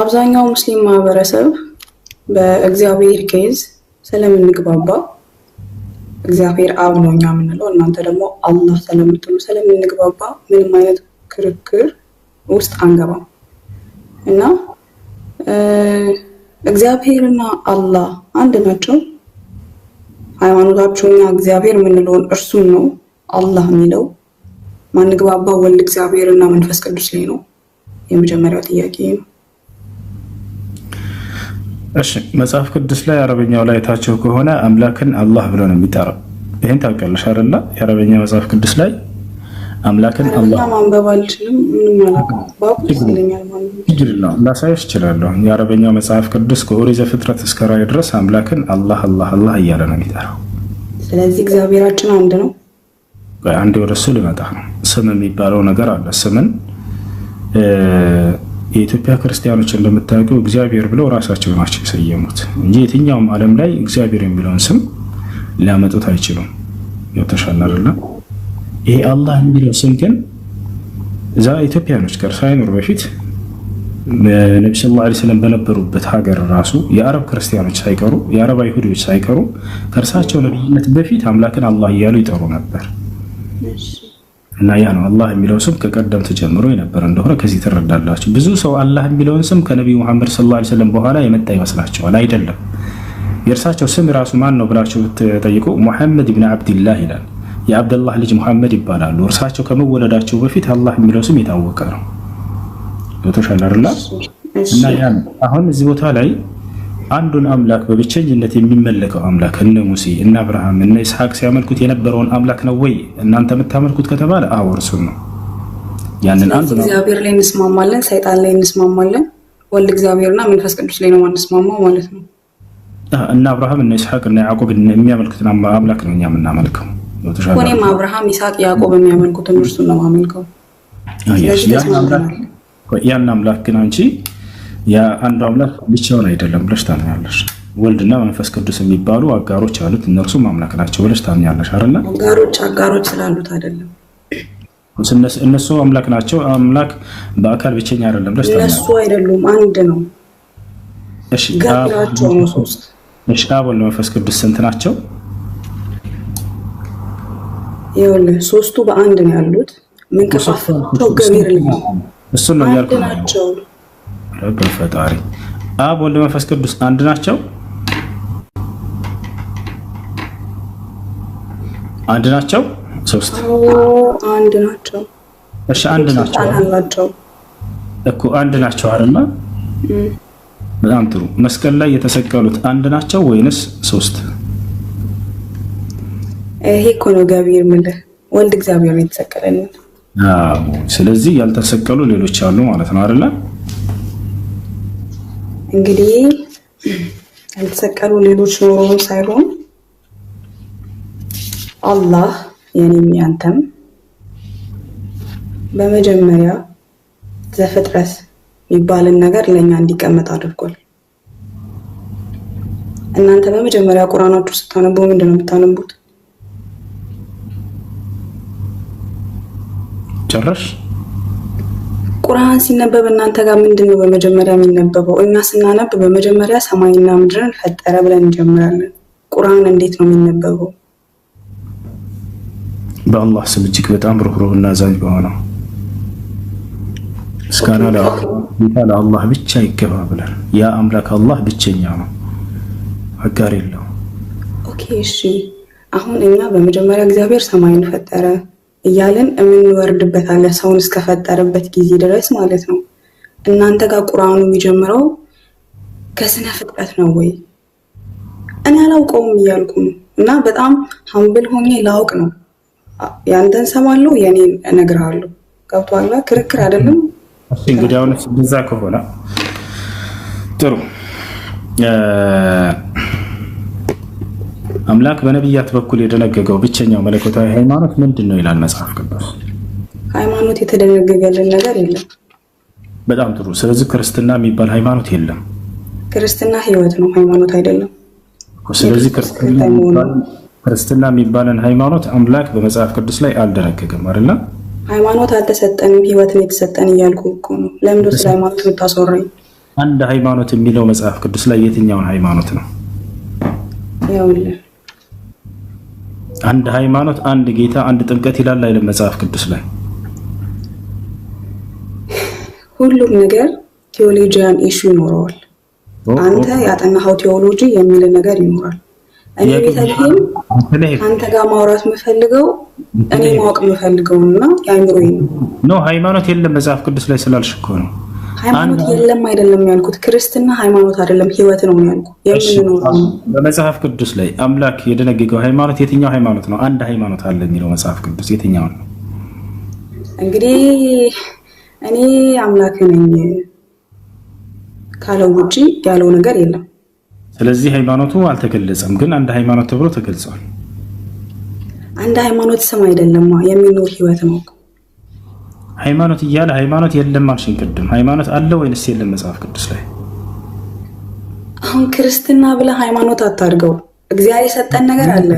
አብዛኛው ሙስሊም ማህበረሰብ በእግዚአብሔር ኬዝ ስለምንግባባ እግዚአብሔር አብ ነው እኛ የምንለው እናንተ ደግሞ አላህ ስለምትሉ ስለምንግባባ ምንም አይነት ክርክር ውስጥ አንገባም እና እግዚአብሔርና አላህ አንድ ናቸው። ሃይማኖታችሁኛ እግዚአብሔር የምንለውን እርሱን ነው አላህ የሚለው ማንግባባ ወልድ እግዚአብሔርና መንፈስ ቅዱስ ላይ ነው። የመጀመሪያው ጥያቄ ነው። እሺ መጽሐፍ ቅዱስ ላይ አረበኛው ላይ ታቸው ከሆነ አምላክን አላህ ብሎ ነው የሚጠራው። ይህን ታውቂያለሽ አይደለ? የአረበኛ መጽሐፍ ቅዱስ ላይ አምላክን አላህ ላሳይሽ እችላለሁ። የአረበኛው መጽሐፍ ቅዱስ ከኦሪት ዘፍጥረት እስከ ራዕይ ድረስ አምላክን አላህ አላህ አላህ እያለ ነው የሚጠራው። ስለዚህ እግዚአብሔራችን አንድ ነው። አንዴ ወደ እሱ ልመጣ ነው። ስም የሚባለው ነገር አለ። ስምን የኢትዮጵያ ክርስቲያኖች እንደምታውቀው እግዚአብሔር ብለው ራሳቸው ናቸው የሰየሙት እንጂ የትኛውም ዓለም ላይ እግዚአብሔር የሚለውን ስም ሊያመጡት አይችሉም። ገብተሻል አይደለ? ይሄ አላህ የሚለው ስም ግን እዛ ኢትዮጵያኖች ጋር ሳይኖር በፊት ነቢ ስ ላ ስለም በነበሩበት ሀገር ራሱ የአረብ ክርስቲያኖች ሳይቀሩ የአረብ አይሁዶች ሳይቀሩ ከእርሳቸው ነብይነት በፊት አምላክን አላህ እያሉ ይጠሩ ነበር። እና ያ ነው አላህ የሚለው ስም ከቀደምት ጀምሮ የነበረ እንደሆነ ከዚህ ትረዳላችሁ። ብዙ ሰው አላህ የሚለውን ስም ከነቢዩ መሐመድ ሰለላሁ ዐለይሂ ወሰለም በኋላ የመጣ ይመስላቸዋል። አይደለም። የእርሳቸው ስም ራሱ ማን ነው ብላችሁ ብትጠይቁ ሙሐመድ ብን አብድላህ ይላል። የአብደላህ ልጅ ሙሐመድ ይባላሉ። እርሳቸው ከመወለዳቸው በፊት አላህ የሚለው ስም የታወቀ ነው። ቶሻላርላ እና ያ አሁን እዚህ ቦታ ላይ አንዱን አምላክ በብቸኝነት የሚመለከው አምላክ እነ ሙሴ እነ አብርሃም እነ ይስሐቅ ሲያመልኩት የነበረውን አምላክ ነው ወይ እናንተ የምታመልኩት ከተባለ አዎ እርሱ ነው። ያንን አንዱ ነው። እግዚአብሔር ላይ እንስማማለን፣ ሰይጣን ላይ እንስማማለን፣ ወልድ እግዚአብሔርና መንፈስ ቅዱስ ላይ ነው የማንስማማው ማለት ነው። እነ አብርሃም እነ ይስሐቅ እነ ያዕቆብ የሚያመልኩትን አምላክ ነው እኛ የምናመልከው። እኔም አብርሃም፣ ይስሐቅ፣ ያዕቆብ የሚያመልኩትን እርሱ ነው የማመልከው። ያን አምላክ ግን አንቺ የአንዱ አምላክ ብቻውን አይደለም ብለሽ ታምኛለሽ። ወልድና መንፈስ ቅዱስ የሚባሉ አጋሮች አሉት፣ እነርሱም አምላክ ናቸው ብለሽ ታምኛለሽ አይደለ? አጋሮች አጋሮች ስላሉት አይደለም እነሱ አምላክ ናቸው። አምላክ በአካል ብቸኛ አይደለም ብለሽ እነሱ አይደሉም፣ አንድ ነው። እሺ፣ አብ ወልድ መንፈስ ቅዱስ ስንት ናቸው? ይኸውልህ ሶስቱ በአንድ ነው ያሉት። ምን ገቢር ነው እሱ ነው በፈጣሪ አብ ወልድ መንፈስ ቅዱስ አንድ ናቸው። አንድ ናቸው። ሶስት አንድ ናቸው። እሺ አንድ ናቸው እኮ አንድ ናቸው አይደልና በጣም ጥሩ። መስቀል ላይ የተሰቀሉት አንድ ናቸው ወይንስ ሶስት? ይሄ እኮ ነው እግዚአብሔር ምን ወልድ እግዚአብሔር ነው የተሰቀለልን። አዎ። ስለዚህ ያልተሰቀሉ ሌሎች አሉ ማለት ነው አይደል? እንግዲህ ያልተሰቀሉ ሌሎች ኖሮ ሳይሆን አላህ የኔም ያንተም በመጀመሪያ ዘፍጥረት የሚባልን ነገር ለእኛ እንዲቀመጥ አድርጓል። እናንተ በመጀመሪያ ቁርአናችሁ ስታነቡ ምንድን ነው የምታነቡት? ጨረሽ ቁርአን ሲነበብ እናንተ ጋር ምንድን ነው በመጀመሪያ የሚነበበው? እኛ ስናነብ በመጀመሪያ ሰማይና ምድርን ፈጠረ ብለን እንጀምራለን። ቁርአን እንዴት ነው የሚነበበው? በአላህ ስም እጅግ በጣም ርኅሩህና አዛኝ በሆነው ምስጋና ለአላህ ብቻ ይገባ ብለን ያ አምላክ አላህ ብቸኛ ነው፣ አጋር የለው። ኦኬ እሺ፣ አሁን እኛ በመጀመሪያ እግዚአብሔር ሰማይን ፈጠረ እያለን የምንወርድበታለን ሰውን እስከፈጠረበት ጊዜ ድረስ ማለት ነው። እናንተ ጋር ቁርአኑ የሚጀምረው ከስነ ፍጥረት ነው ወይ? እኔ አላውቀውም እያልኩ ነው። እና በጣም ሀምብል ሆኜ ላውቅ ነው። ያንተን ሰማለሁ፣ የኔ እነግርሃለሁ። ገብቷላ? ክርክር አይደለም። እንግዲህ አሁን እንደዛ ከሆነ ጥሩ አምላክ በነቢያት በኩል የደነገገው ብቸኛው መለኮታዊ ሃይማኖት ምንድን ነው ይላል መጽሐፍ ቅዱስ። ሃይማኖት የተደነገገልን ነገር የለም። በጣም ጥሩ። ስለዚህ ክርስትና የሚባል ሃይማኖት የለም። ክርስትና ህይወት ነው፣ ሃይማኖት አይደለም። ስለዚህ ክርስትና የሚባለን ሃይማኖት አምላክ በመጽሐፍ ቅዱስ ላይ አልደነገገም አይደለ? ሃይማኖት አልተሰጠንም፣ ህይወት ነው የተሰጠን እያልኩ እኮ ነው። ስለ ሃይማኖት የምታስወራኝ? አንድ ሃይማኖት የሚለው መጽሐፍ ቅዱስ ላይ የትኛውን ሃይማኖት ነው? ይኸውልህ አንድ ሃይማኖት፣ አንድ ጌታ፣ አንድ ጥምቀት ይላል አይደል መጽሐፍ ቅዱስ ላይ ሁሉም ነገር ቴዎሎጂያን ኢሹ ይኖረዋል። አንተ ያጠናኸው ቴዎሎጂ የሚል ነገር ይኖራል። እኔ ቤተልሔም አንተ ጋር ማውራት የምፈልገው እኔ ማወቅ የምፈልገውና የአይምሮዬ ነው። ሃይማኖት የለም መጽሐፍ ቅዱስ ላይ ስላልሽ እኮ ነው። ሃይማኖት የለም አይደለም ያልኩት፣ ክርስትና ሃይማኖት አይደለም ህይወት ነው ያልኩት። በመጽሐፍ ቅዱስ ላይ አምላክ የደነገገው ሃይማኖት የትኛው ሃይማኖት ነው? አንድ ሃይማኖት አለ የሚለው መጽሐፍ ቅዱስ የትኛው ነው? እንግዲህ እኔ አምላክ ነኝ ካለው ውጭ ያለው ነገር የለም። ስለዚህ ሃይማኖቱ አልተገለጸም፣ ግን አንድ ሃይማኖት ተብሎ ተገልጿል። አንድ ሃይማኖት ስም አይደለም፣ የሚኖር ህይወት ነው። ሃይማኖት እያለ ሃይማኖት የለም አልሽኝ ቅድም። ሃይማኖት አለ ወይንስ የለም መጽሐፍ ቅዱስ ላይ? አሁን ክርስትና ብለህ ሃይማኖት አታድርገው። እግዚአብሔር የሰጠን ነገር አለ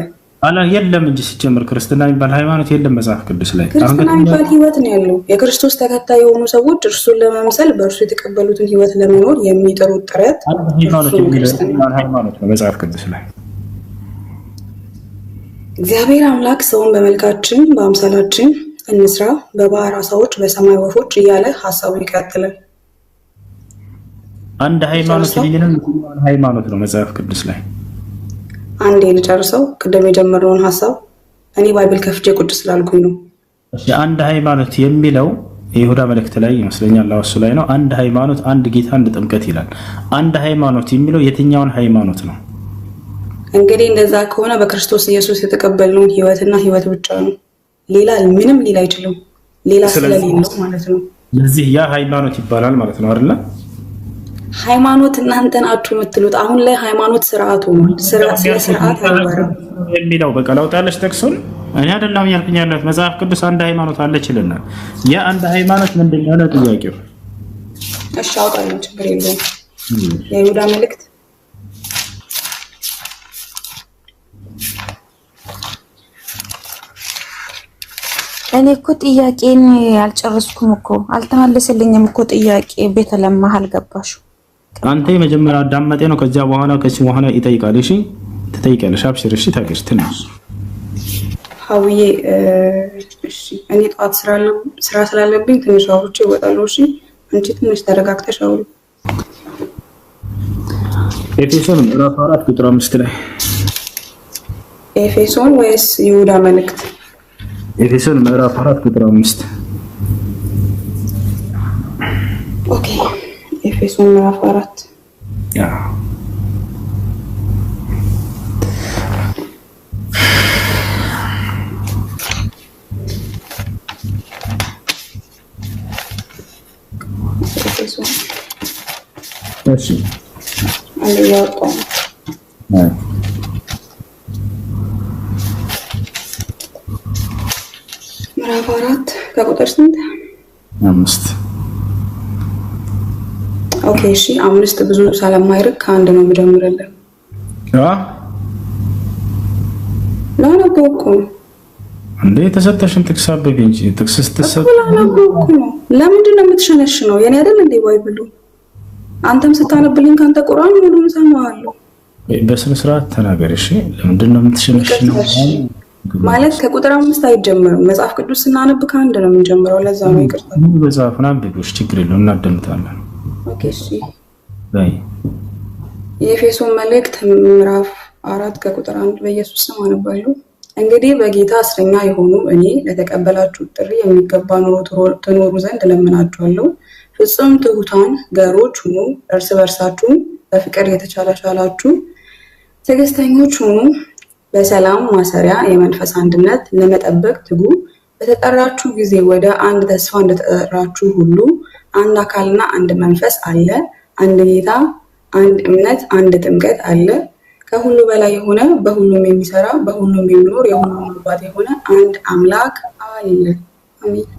አላ የለም እንጂ ሲጀምር ክርስትና የሚባል ሃይማኖት የለም መጽሐፍ ቅዱስ ላይ። ክርስትና የሚባል ህይወት ነው ያለው። የክርስቶስ ተከታይ የሆኑ ሰዎች እርሱን ለመምሰል በእርሱ የተቀበሉትን ህይወት ለመኖር የሚጥሩት ጥረት ሃይማኖት ነው መጽሐፍ ቅዱስ ላይ። እግዚአብሔር አምላክ ሰውን በመልካችን በአምሳላችን እንስራ፣ በባህር ዓሣዎች፣ በሰማይ ወፎች እያለ ሀሳቡ ይቀጥላል። አንድ ሃይማኖት የሌለን ሃይማኖት ነው መጽሐፍ ቅዱስ ላይ አንዴ ልጨርሰው። ቅደም የጀመረውን ሀሳብ እኔ ባይብል ከፍቼ ቅዱስ ስላልኩኝ ነው። አንድ ሃይማኖት የሚለው የይሁዳ መልእክት ላይ ይመስለኛል ላወሱ ላይ ነው። አንድ ሃይማኖት፣ አንድ ጌታ፣ አንድ ጥምቀት ይላል። አንድ ሃይማኖት የሚለው የትኛውን ሃይማኖት ነው? እንግዲህ እንደዛ ከሆነ በክርስቶስ ኢየሱስ የተቀበልነውን ህይወትና ህይወት ብቻ ነው። ሌላ ምንም ሌላ አይችልም። ሌላ ስለሌለው ማለት ነው። ለዚህ ያ ሃይማኖት ይባላል ማለት ነው አይደለ? ሃይማኖት እናንተ ናችሁ የምትሉት አሁን ላይ ሃይማኖት ስርዓት ሆኗል። ስለ ስርዓት የሚለው በቃ ለውጥ ጠቅሱን እኔ አይደለም ያልኩኝ ያለት መጽሐፍ ቅዱስ አንድ ሃይማኖት አለ ይለናል። ያ አንድ ሃይማኖት ምንድን ነው ጥያቄው? እሺ አውጣለሁ፣ ችግር የለውም። የይሁዳ መልእክት እኔ እኮ ጥያቄን አልጨረስኩም እኮ አልተመለሰልኝም እኮ ጥያቄ ቤተ ቤተለማህ አልገባሽ። አንተ የመጀመሪያ አዳመጤ ነው። ከዚያ በኋላ ከዚህ በኋላ ይጠይቃል። እሺ ትጠይቂያለሽ። አብሽር። እሺ ታገሽ ትንሽ ሀውዬ እኔ ጠዋት ስራ ስላለብኝ ትንሽ አውርቼ ይወጣሉ። እሺ አንቺ ትንሽ ተረጋግተሽ አውሪ። ኤፌሶን ምዕራፍ አራት ቁጥር አምስት ላይ ኤፌሶን ወይስ ይሁዳ መልእክት ኤፌሶን ምዕራፍ አራት ቁጥር 5 ኦኬ። ኤፌሶን ምዕራፍ 4 እሺ ከቁጥር ስንት? አምስት ኦኬ እሺ፣ አምስት ብዙ ሳለማይርቅ ከአንድ ነው የምጀምርልን። ላነበው እኮ ነው እንዴ የተሰጠሽን ጥቅስ አበቢ እንጂ ጥቅስ ስትሰጥ ላነበው እኮ ነው። ለምንድን ነው የምትሸነሽ ነው የኔ አይደል እንዴ ባይብሉ? አንተም ስታነብልኝ ከአንተ ቁርአን ሙሉም ሰማዋለሁ። በስነ ስርዓት ተናገር እሺ። ለምንድን ነው የምትሸነሽ ነው ማለት ከቁጥር አምስት አይጀምርም። መጽሐፍ ቅዱስ ስናነብ ከአንድ ነው የምንጀምረው። ለዛ ነው ይቅርታል። መጽሐፉን አንብቦች ችግር የለው እናደምጣለን። የኤፌሶን መልእክት ምዕራፍ አራት ከቁጥር አንድ በኢየሱስ ስም አነባለሁ። እንግዲህ በጌታ እስረኛ የሆኑ እኔ ለተቀበላችሁ ጥሪ የሚገባ ኑሮ ትኖሩ ዘንድ እለምናችኋለሁ። ፍጹም ትሑታን ገሮች ሁኑ፣ እርስ በርሳችሁም በፍቅር ቻላችሁ ትዕግስተኞች ሁኑ በሰላም ማሰሪያ የመንፈስ አንድነት ለመጠበቅ ትጉ። በተጠራችሁ ጊዜ ወደ አንድ ተስፋ እንደተጠራችሁ ሁሉ አንድ አካልና አንድ መንፈስ አለ፣ አንድ ጌታ፣ አንድ እምነት፣ አንድ ጥምቀት አለ። ከሁሉ በላይ የሆነ በሁሉም የሚሰራ በሁሉም የሚኖር የሁሉም አባት የሆነ አንድ አምላክ አለ። አሜን።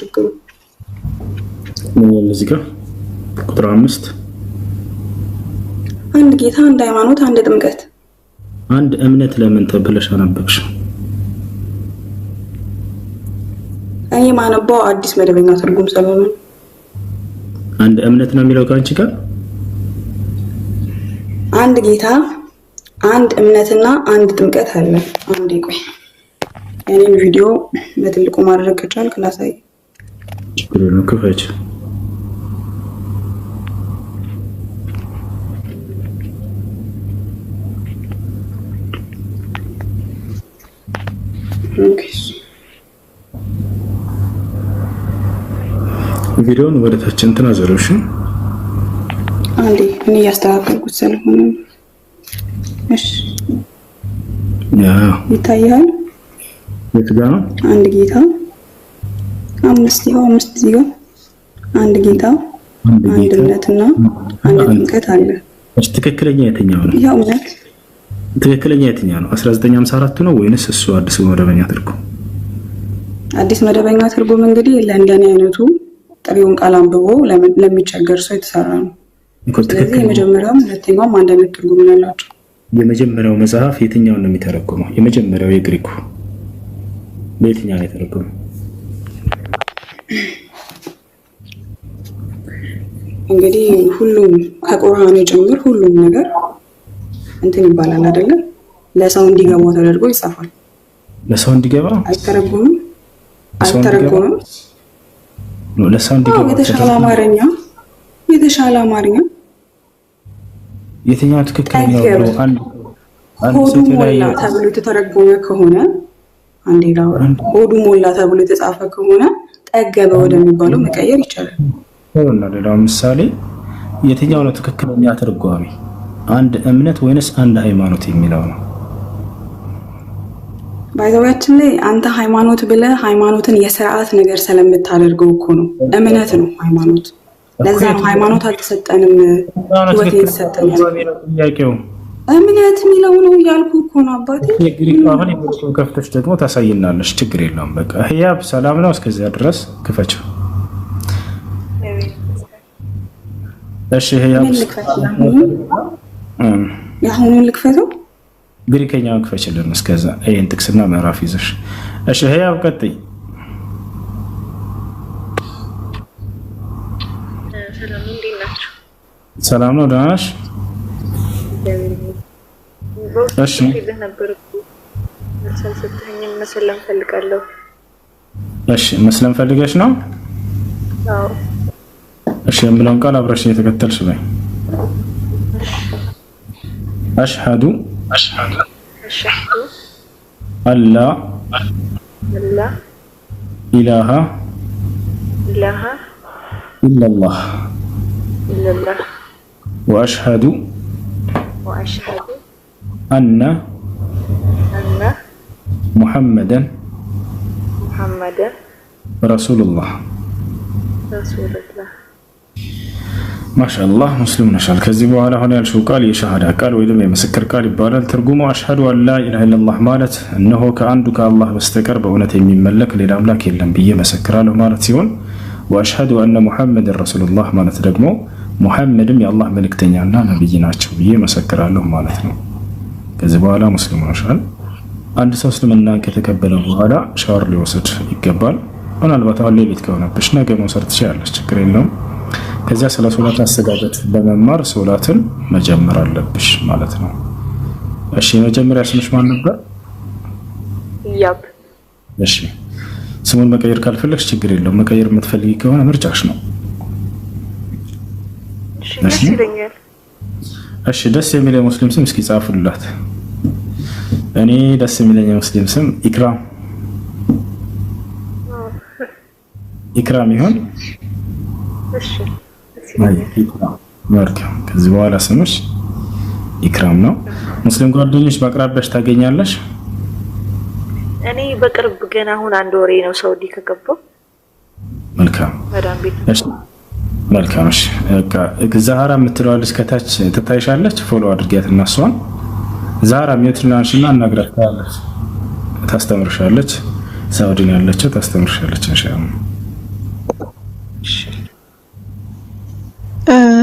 ችግሩ? እዚህ ጋር ቁጥር አምስት አንድ ጌታ፣ አንድ ሃይማኖት፣ አንድ ጥምቀት አንድ እምነት ለምን ተብለሽ አነበብሽ? እኔ ማነባው አዲስ መደበኛ ትርጉም ስለሆነ አንድ እምነት ነው የሚለው ከአንቺ ጋር አንድ ጌታ፣ አንድ እምነትና አንድ ጥምቀት አለ። አንድ ይቆይ፣ የኔን ቪዲዮ በትልቁ ማድረግ ከቻልክ ላሳይ። ችግር ነው፣ ክፈች ኦኬስ ቪዲዮውን ወደ ታች እንትን አዘረብሽ። አንዴ እኔ እያስተካከልኩት ስለሆነ እሺ፣ ያ ይታያል። የት ጋር ነው? አንድ ጌታ አምስት ይኸው አምስት እዚህ አንድ ጌታ አንድነትና አንድ ድምቀት አለ። እሺ ትክክለኛ የትኛው ነው? ያው እውነት ትክክለኛ የትኛ ነው? 1954 ነው ወይንስ እሱ አዲስ መደበኛ ትርጉም? አዲስ መደበኛ ትርጉም እንግዲህ ለእንደኔ አይነቱ ጥሬውን ቃል አንብቦ ለሚቸገር ሰው የተሰራ ነው። ስለዚህ የመጀመሪያውም ሁለተኛውም አንድ አይነት ትርጉም ነው ያላቸው። የመጀመሪያው መጽሐፍ የትኛውን ነው የሚተረጉመው? የመጀመሪያው የግሪኩ በየትኛው ነው የተረጎመው? እንግዲህ ሁሉም ከቁርአን ጭምር ሁሉም ነገር እንትን ይባላል አይደለም? ለሰው እንዲገባው ተደርጎ ይጻፋል። ለሰው እንዲገባ አይተረጎምም፣ አይተረጎምም። ለሰው እንዲገባ የተሻለ አማርኛ የተሻለ አማርኛ የትኛው ትክክለኛ ነው? አንድ ሆዱ ሞላ ተብሎ የተተረጎመ ከሆነ አንዴ ላውራ። ሆዱ ሞላ ተብሎ የተጻፈ ከሆነ ጠገበ ወደሚባለው መቀየር ይቻላል። ሌላው ምሳሌ የትኛው ነው ትክክለኛ ትርጓሜ? አንድ እምነት ወይንስ አንድ ሃይማኖት የሚለው ነው። ባይዘባችን ላይ አንተ ሃይማኖት ብለ ሃይማኖትን የስርዓት ነገር ስለምታደርገው እኮ ነው። እምነት ነው ሃይማኖት። ለዛ ነው ሃይማኖት አልተሰጠንም፣ ህይወት የተሰጠን እምነት የሚለው ነው እያልኩ እኮ ነው አባቴ። የግሪክ ከፍተሽ ደግሞ ታሳይናለሽ። ችግር የለውም በቃ ህያብ ሰላም ነው። እስከዚያ ድረስ ክፈችው። እሺ ህያብ የአሁኑን ልክፈተው ግሪከኛው ክፈችልን። እስከዛ ይህን ጥቅስና ምዕራፍ ይዘሽ እሺ። ህያው ቀጥይ። ሰላም ነው፣ ደህና ነሽ? እሺ መስለም ፈልገሽ ነው? እሺ የምለውን ቃል አብረሽ የተከተልሽ በይ أشهد أشهد أشهد أن لا لا إله إله إلا الله إلا الله وأشهد وأشهد أن أن محمدا محمدا رسول الله رسول الله ማሻአላህ ሙስሊም ነሻል። ከዚህ በኋላ አሁን ያልሽው ቃል የሸሃዳ ቃል ወይም የምስክር ቃል ይባላል። ትርጉሙ አሽሀዱ አን ላ ኢላሃ ኢለላህ ማለት እነሆ ከአንዱ ከአላህ በስተቀር በእውነት የሚመለክ ሌላ አምላክ የለም ብዬ መሰክራለሁ ማለት ሲሆን ወአሽሀዱ አነ ሙሐመድን ረሱሉላህ ማለት ደግሞ ሙሐመድም የአላህ መልእክተኛና ነብይ ናቸው ብዬ መሰክራለሁ ማለት ነው። ከዚህ በኋላ ሙስሊም ነሻል። አንድ ሰው እስልምናን ከተቀበለ በኋላ ሻወር ሊወስድ ይገባል። ምናልባት አሁን ሌሊት ከሆነብሽ ነገ መውሰድ ትችላለች፣ ችግር የለውም። ከዚያ ስለ ሶላት አሰጋገድ በመማር ሶላትን መጀመር አለብሽ ማለት ነው። እሺ፣ የመጀመሪያ ስምሽ ማን ነበር? ያብ። እሺ፣ ስሙን መቀየር ካልፈለግሽ ችግር የለው። መቀየር የምትፈልጊ ከሆነ ምርጫሽ ነው። እሺ፣ ደስ የሚል የሙስሊም ስም እስኪ ጻፉላት። እኔ ደስ የሚለኝ የሙስሊም ስም ኢክራም ኢክራም ይሆን? እሺ ከዚህ በኋላ ስምሽ ኢክራም ነው። ሙስሊም ጓደኞች በአቅራቢያሽ ታገኛለሽ? እኔ በቅርብ ገና አሁን አንድ ወሬ ነው ሳውዲ ከገባው። መልካም መልካም። እሺ በቃ ዛህራ የምትለዋ ልጅ ከታች ትታይሻለች። ፎሎ አድርጊያት እና እሷን ዛህራ ሚትናንሽ እና አናግራት ታስተምርሻለች። ሳውዲ ነው ያለችው። ታስተምርሻለች ኢንሻአላህ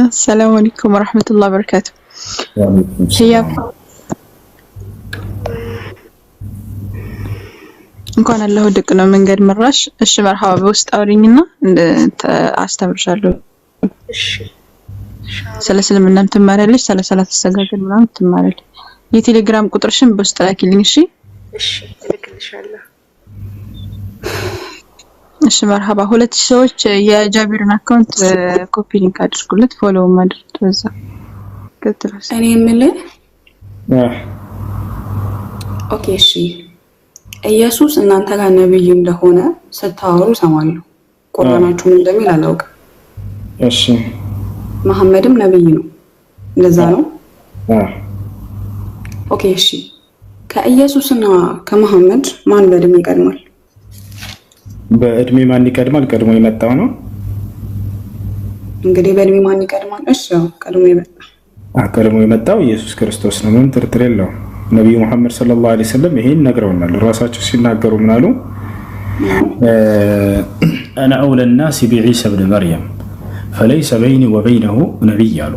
አሰላሙ አለይኩም ወራህመቱላሂ ወበረካቱ። እንኳን አላህ ድቅ ነው መንገድ መራሽ። እሺ መርሃባ በውስጥ አውሪኝና አስተምርሻለሁ። እሺ ስለ እስልምናም ትማሪያለሽ፣ ስለ ሰላት አሰጋገድ ምናምን ትማሪያለሽ። የቴሌግራም ቁጥርሽን በውስጥ ላኪልኝ። እሺ እሺ እልክልሻለሁ። እሺ መርሃባ ሁለት ሰዎች የጃቢርን አካውንት ኮፒ ሊንክ አድርጉለት፣ ፎሎ ማድረግ በዛ ከተረፈ እኔ የምልህ ኦኬ፣ እሺ፣ ኢየሱስ እናንተ ጋር ነብይ እንደሆነ ስታወሩ ሰማለሁ። ቁርአናችሁ ምን እንደሚል አላውቅም። እሺ፣ መሐመድም ነብይ ነው፣ እንደዛ ነው። ኦኬ፣ እሺ፣ ከኢየሱስና ከመሐመድ ማን በእድሜ ይቀድማል? በእድሜ ማን ይቀድማል? ቀድሞ የመጣው ነው እንግዲህ። በእድሜ ማን ይቀድማል? እሺ ቀድሞ የመጣ ቀድሞ የመጣው ኢየሱስ ክርስቶስ ነው። ምንም ጥርጥር የለው። ነቢዩ ሙሐመድ ሰለላሁ ዓለይሂ ወሰለም ይሄን ነግረውናል። ራሳቸው ሲናገሩ ምናሉ? አነ አውለ ናስ ቢዒሳ ብን መርየም ፈለይሰ በይኒ ወበይነሁ ነቢይ አሉ።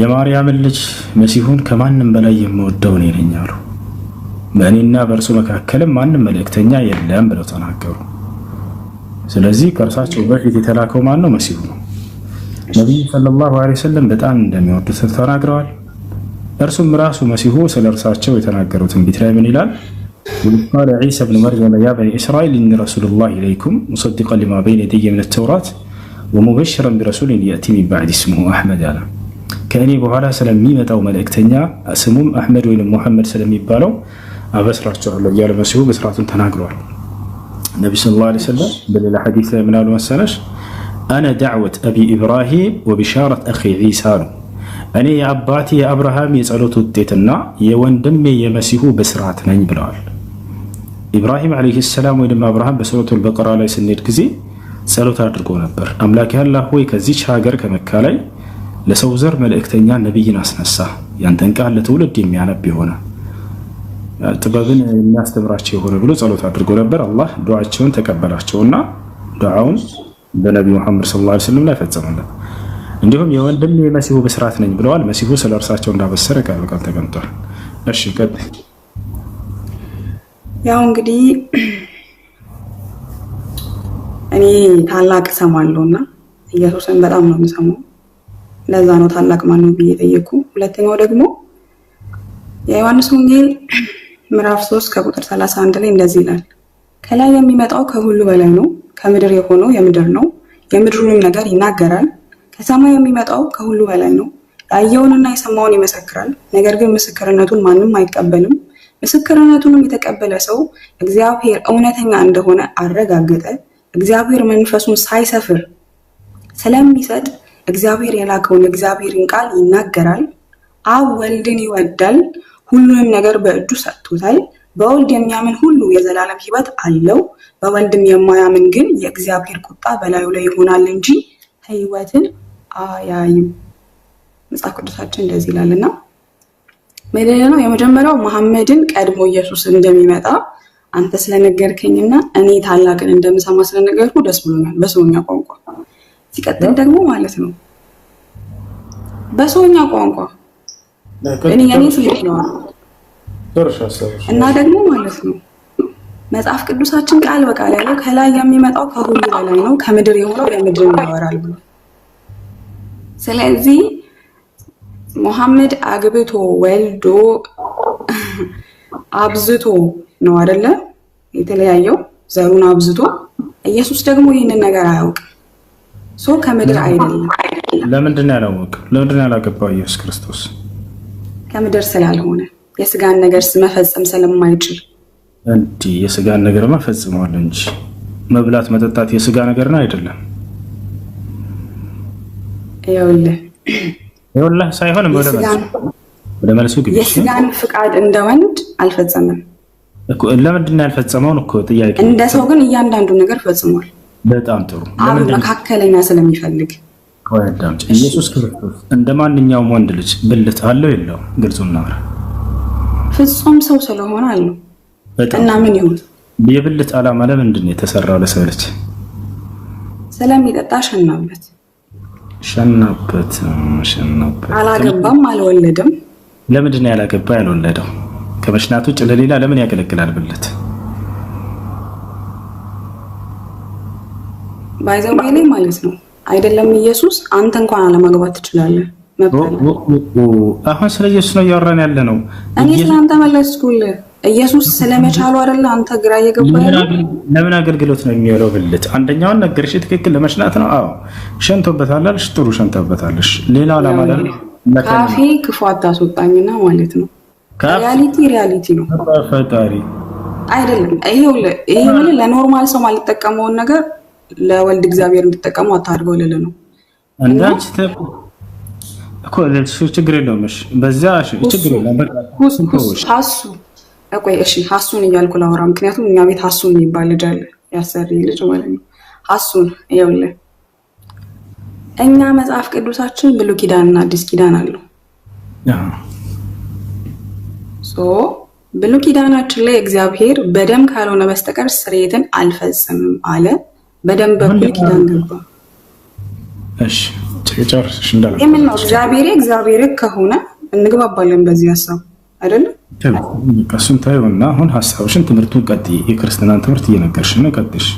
የማርያምን ልጅ መሲሁን ከማንም በላይ የምወደው እኔ ነኝ አሉ። በእኔና በእርሱ መካከልም ማንም መልእክተኛ የለም ብለው ተናገሩ። ስለዚህ ከእርሳቸው በፊት የተላከው ማን ነው? መሲሁ ነው። ነቢዩ ሰለላሁ ዐለይሂ ወሰለም በጣም እንደሚወዱት ተናግረዋል። እርሱም ራሱ መሲሁ ስለ እርሳቸው የተናገሩት ትንቢት ላይ ምን ይላል? ቃለ ዒሳ ብን መርየም ያ በኒ እስራኤል እኒ ረሱሉላህ ኢለይኩም ሙሰዲቀን ሊማ በይነ የደየ ምን ተውራት ወሙበሽረን ቢረሱሊን የእቲ ሚን ባዕድ ስሙሁ አሕመድ አለ። ከእኔ በኋላ ስለሚመጣው መልእክተኛ ስሙም አሕመድ ወይም ሙሐመድ ስለሚባለው አበስራቸዋለሁ እያለ መሲሁ ብስራቱን ተናግረዋል። ነቢ ሰለላሁ ዓለይሂ ወሰለም በሌላ ሐዲስ ላይ ምናሉ መሰለሽ አነ ዳዕወት አቢ ኢብራሂም ወቢሻረት አኺ ዒሳ ነው እኔ የአባቴ የአብርሃም የጸሎት ውጤትና የወንድሜ የመሲሁ ብስራት ነኝ ብለዋል። ኢብራሂም ዓለይሂ ሰላም ወይም አብርሃም በሱረቱል በቀራ ላይ ስንሄድ ጊዜ ጸሎት አድርጎ ነበር። አምላክ ያላ ሆይ ከዚች ሀገር ከመካ ላይ ለሰው ዘር መልእክተኛ ነቢይን አስነሳ፣ ያንተን ቃል ለትውልድ የሚያነብ ይሆናል ጥበብን የሚያስተምራቸው የሆነ ብሎ ጸሎት አድርጎ ነበር። አላህ ዱዓቸውን ተቀበላቸውና ዱዓውን በነቢ ሙሐመድ ሰለላሁ ዐለይሂ ወሰለም ላይ ፈጸመለት። እንዲሁም የወንድም የመሲሁ ብስራት ነኝ ብለዋል። መሲሁ ስለ እርሳቸው እንዳበሰረ ቃል በቃል ተቀምጧል። እሺ ያው እንግዲህ እኔ ታላቅ እሰማለሁና ኢየሱስን በጣም ነው የምሰማው። ለዛ ነው ታላቅ ማነው ብዬ ጠየቁ። ሁለተኛው ደግሞ የዮሐንስ ወንጌል ምዕራፍ 3 ከቁጥር 31 ላይ እንደዚህ ይላል፣ ከላይ የሚመጣው ከሁሉ በላይ ነው፣ ከምድር የሆነው የምድር ነው፣ የምድሩንም ነገር ይናገራል። ከሰማይ የሚመጣው ከሁሉ በላይ ነው፣ ያየውንና የሰማውን ይመሰክራል፣ ነገር ግን ምስክርነቱን ማንም አይቀበልም። ምስክርነቱንም የተቀበለ ሰው እግዚአብሔር እውነተኛ እንደሆነ አረጋገጠ። እግዚአብሔር መንፈሱን ሳይሰፍር ስለሚሰጥ እግዚአብሔር የላከውን እግዚአብሔርን ቃል ይናገራል። አብ ወልድን ይወዳል ሁሉንም ነገር በእጁ ሰጥቶታል። በወልድ የሚያምን ሁሉ የዘላለም ሕይወት አለው። በወልድም የማያምን ግን የእግዚአብሔር ቁጣ በላዩ ላይ ይሆናል እንጂ ሕይወትን አያይም። መጽሐፍ ቅዱሳችን እንደዚህ ይላልና ምንድን ነው የመጀመሪያው መሐመድን ቀድሞ ኢየሱስ እንደሚመጣ አንተ ስለነገርከኝና እኔ ታላቅን እንደምሰማ ስለነገርኩ ደስ ብሎኛል፣ በሰውኛ ቋንቋ። ሲቀጥል ደግሞ ማለት ነው በሰውኛ ቋንቋ እና ደግሞ ማለት ነው መጽሐፍ ቅዱሳችን ቃል በቃል ያለው ከላይ የሚመጣው ከሁሉ በላይ ነው፣ ከምድር የሆነው የምድርን ያወራል ብሎ። ስለዚህ ሙሐመድ አግብቶ ወልዶ አብዝቶ ነው አይደለ የተለያየው ዘሩን አብዝቶ። ኢየሱስ ደግሞ ይህንን ነገር አያውቅም። ሰው ከምድር አይደለም። ለምንድን ነው ለምንድን ነው ያላገባው ኢየሱስ ክርስቶስ? ከምድር ስላልሆነ የስጋን ነገር መፈጸም ስለማይችል እንዲህ የስጋን ነገርማ ፈጽመዋል እንጂ መብላት መጠጣት የስጋ ነገር ነው አይደለም? ይኸውልህ ይኸውልህ ሳይሆን ወደ መልሱ ግቢ። የስጋን ፍቃድ እንደ ወንድ አልፈጸምም። ለምንድን ነው ያልፈጸመውን? እኮ ጥያቄ እንደ ሰው ግን እያንዳንዱ ነገር ፈጽሟል። በጣም ጥሩ መካከለኛ ስለሚፈልግ አዳምጭ። ኢየሱስ ክርስቶስ እንደ ማንኛውም ወንድ ልጅ ብልት አለው የለው? ግልጹ እናውራ። ፍጹም ሰው ስለሆነ አለው እና ምን ይሁን። የብልት ዓላማ ለምንድን ነው የተሰራው? ለሰው ልጅ ስለሚጠጣ ሸናበት፣ ሸናበት፣ ሸናበት። አላገባም፣ አልወለደም። ለምንድን ነው ያላገባ ያልወለደው? ከመሽናት ውጭ ለሌላ ለምን ያገለግላል ብልት? ባይዘው ላይ ማለት ነው አይደለም ኢየሱስ አንተ እንኳን አለማግባት ትችላለህ። አሁን ስለ ኢየሱስ ነው እያወራን ያለ ነው። እኔ ስለ አንተ መለስኩልህ። ኢየሱስ ስለመቻሉ አይደለ አንተ ግራ እየገባ ለምን አገልግሎት ነው የሚውለው ብልት አንደኛውን ነገርሽ ትክክል ለመሽናት ነው። አዎ ሸንቶበታለሽ፣ ጥሩ ሸንተበታለሽ። ሌላ ዓላማ ለ ካፌ ክፉ አታስወጣኝና ማለት ነው። ሪያሊቲ ሪያሊቲ ነው ፈጣሪ አይደለም። ይሄ ለኖርማል ሰው ማልጠቀመውን ነገር ለወልድ እግዚአብሔር እንድጠቀሙ አታድርገው ልል ነው። ችግር የለውም። በዚያ ችግር የለውም። ቆይ እሺ፣ ሀሱን እያልኩ ላወራ። ምክንያቱም እኛ ቤት ሀሱን የሚባል ልጅ አለ፣ ያሰሪ ልጅ ማለት ነው። ሀሱን ይኸውልህ፣ እኛ መጽሐፍ ቅዱሳችን ብሉይ ኪዳንና አዲስ ኪዳን አለው። ብሉይ ኪዳናችን ላይ እግዚአብሔር በደም ካልሆነ በስተቀር ስርየትን አልፈጽምም አለ። በደም በኩል ኪዳን ገባ። እሺ ጨርሰሽ እንዳለ የምን ነው እግዚአብሔር እግዚአብሔር ከሆነ እንግባባለን በዚህ ሀሳብ አይደለም። እሱን ታዩና አሁን ሀሳብሽን ትምህርቱን ቀጥይ። የክርስትናን ትምህርት እየነገርሽ ነው፣ ቀጥሽ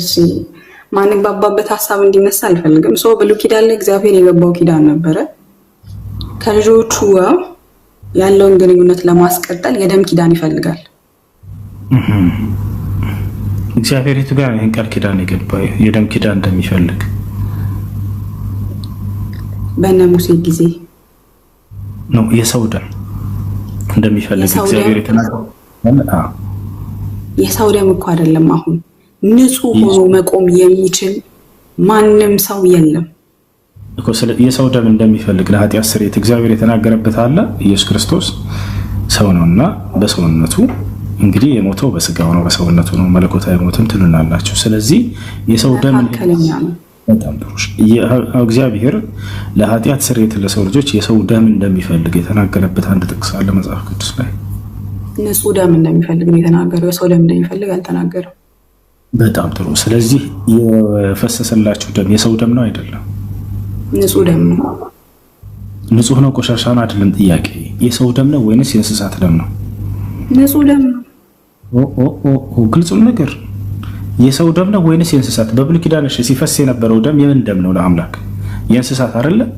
እሺ ማንግባባበት ሀሳብ እንዲነሳ አልፈልግም። ሰው ብሉ ኪዳን ላይ እግዚአብሔር የገባው ኪዳን ነበረ ከልጆቹ ያለውን ግንኙነት ለማስቀጠል የደም ኪዳን ይፈልጋል። እግዚአብሔር የቱ ጋር ይህን ቃል ኪዳን የገባ የደም ኪዳን እንደሚፈልግ በእነ ሙሴ ጊዜ ነው የሰው ደም እንደሚፈልግ እግዚአብሔር የተናገረው። የሰው ደም እኮ አይደለም። አሁን ንጹህ ሆኖ መቆም የሚችል ማንም ሰው የለም። የሰው ደም እንደሚፈልግ ለኃጢአት ስርየት እግዚአብሔር የተናገረበት አለ። ኢየሱስ ክርስቶስ ሰው ነውና በሰውነቱ እንግዲህ የሞተው በስጋው ነው፣ በሰውነቱ ነው። መለኮታ ሞትም ትሉናላችሁ። ስለዚህ የሰው ደም እግዚአብሔር ለኃጢአት ስርየት ለሰው ልጆች የሰው ደም እንደሚፈልግ የተናገረበት አንድ ጥቅስ አለ መጽሐፍ ቅዱስ ላይ። ንጹህ ደም እንደሚፈልግ ነው የተናገረው። የሰው ደም እንደሚፈልግ አልተናገረም። በጣም ጥሩ። ስለዚህ የፈሰሰላችሁ ደም የሰው ደም ነው አይደለም ንጹህ ደም ነው። ንጹህ ነው ቆሻሻ ነው አይደለም። ጥያቄ የሰው ደም ነው ወይንስ የእንስሳት ደም ነው? ንጹህ ደም ነው። ነገር የሰው ደም ነው ወይንስ የእንስሳት? በብሉይ ኪዳን ሲፈስ የነበረው ደም የምን ደም ነው? ለአምላክ የእንስሳት አይደለም።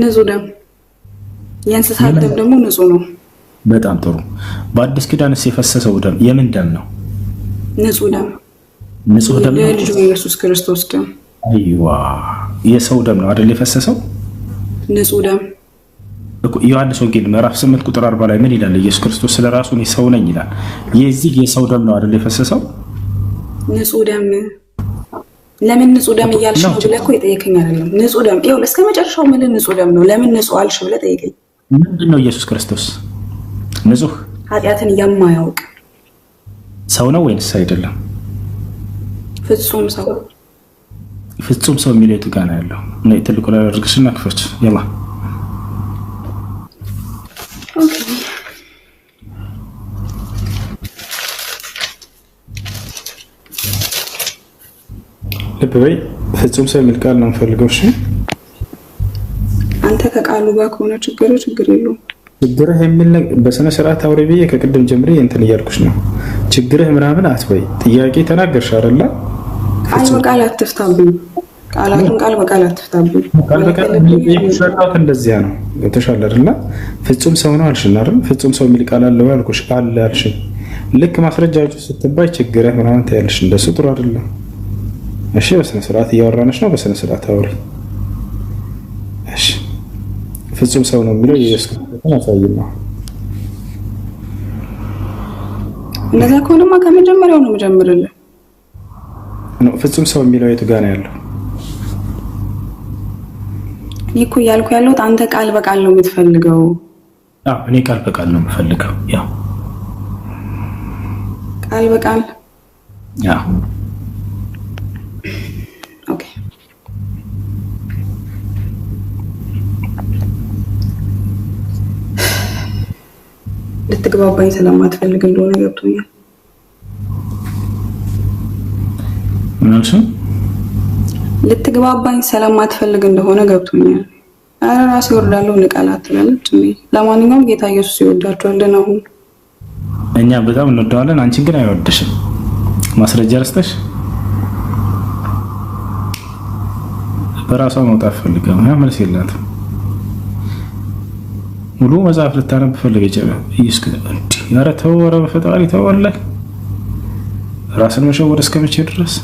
ንጹህ ደም የእንስሳት ደም ደግሞ ንጹህ ነው። በጣም ጥሩ። በአዲስ ኪዳንስ የፈሰሰው ደም የምን ደም ነው? ንጹህ ደም። ንጹህ ደም የልጁ ኢየሱስ ክርስቶስ ደም አይዋ የሰው ደም ነው አይደል የፈሰሰው? ንጹህ ደም ዮሐንስ ወንጌል ምዕራፍ 8 ቁጥር 40 ላይ ምን ይላል? ኢየሱስ ክርስቶስ ስለ ራሱ እኔ ሰው ነኝ ይላል። የዚህ የሰው ደም ነው አይደል የፈሰሰው? ንጹህ ደም ለምን ንጹህ ደም እያልሽ ነው ብለህ እኮ የጠየቀኝ አይደለም። ንጹህ ደም ይኸውልህ፣ እስከ መጨረሻው ምን ንጹህ ደም ነው ለምን ንጹህ አልሽ ብለህ ጠየቀኝ። ምንድን ነው ኢየሱስ ክርስቶስ ንጹህ ኃጢአትን የማያውቅ ሰው ነው ወይንስ አይደለም? ፍጹም ሰው ፍጹም ሰው የሚለው የቱ ጋ ነው ያለው? እና የትልቁ ላይ እርግሽና ክፈች የላ ልብ በይ። ፍጹም ሰው የሚል ቃል ነው የምፈልገው። እሺ አንተ ከቃሉ ጋር ከሆነ ችግር ችግር የለውም። ችግርህ የሚል በስነ ስርዓት አውሪ ብዬ ከቅድም ጀምሬ እንትን እያልኩሽ ነው። ችግርህ ምናምን አትበይ። ጥያቄ ተናገርሽ አይደለ ቃል በቃል አትፍታብኝ። ቃላቱን ቃል በቃል አትፍታብኝ። እንደዚያ ነው። ገብቶሻል አይደለ? ፍጹም ሰው ነው አልሽን አይደል? ፍጹም ሰው የሚል ቃል አለው ያልኩሽ አለ ልክ ስትባይ ችግር ምናምን እንደሱ ጥሩ አይደለም። እሺ፣ በስነ ስርዓት እያወራነች ነው። በስነ ስርዓት አውሪ። እሺ፣ ፍጹም ሰው ነው የሚለው የኢየሱስ ክርስቶስን እንደዛ ከሆነማ ከመጀመሪያው ነው መጀመርልን ፍጹም ሰው የሚለው የቱ ጋር ነው ያለው? እኔ እኮ እያልኩ ያለሁት አንተ ቃል በቃል ነው የምትፈልገው። እኔ ቃል በቃል ነው የምፈልገው። ያው ቃል በቃል እንድትግባባኝ ስለማትፈልግ እንደሆነ ገብቶኛል። ምንልሽ ልትግባባኝ ሰላም ማትፈልግ እንደሆነ ገብቶኛል። አረ ራስ ይወርዳለሁ ንቀላት ትላለች። ለማንኛውም ጌታ ኢየሱስ ይወዳቸዋልን። አሁን እኛ በጣም እንወደዋለን፣ አንቺ ግን አይወድሽም። ማስረጃ ረስተሽ በራሷ መውጣት ፈልጋ መልስ የላትም። ሙሉ መጽሐፍ ልታነብ ፈልገ ጨበ እየስከ እንዴ ያረ ተወረ በፈጣሪ ተወለ ራስን መሸወድ እስከመቼ ድረስ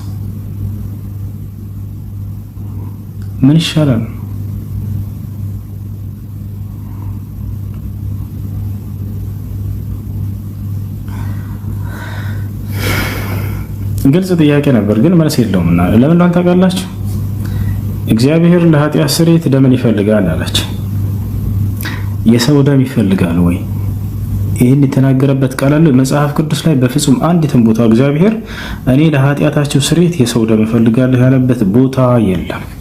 ምን ይሻላል? ግልጽ ጥያቄ ነበር፣ ግን መልስ የለውም። እና ለምን እንዳን ታውቃላችሁ? እግዚአብሔር ለኃጢአት ስርየት ደምን ይፈልጋል አላች። የሰው ደም ይፈልጋል ወይ? ይህን የተናገረበት ቃል አለ መጽሐፍ ቅዱስ ላይ? በፍጹም አንዲትም ቦታ እግዚአብሔር እኔ ለኃጢአታችሁ ስርየት የሰው ደም እፈልጋለሁ ያለበት ቦታ የለም።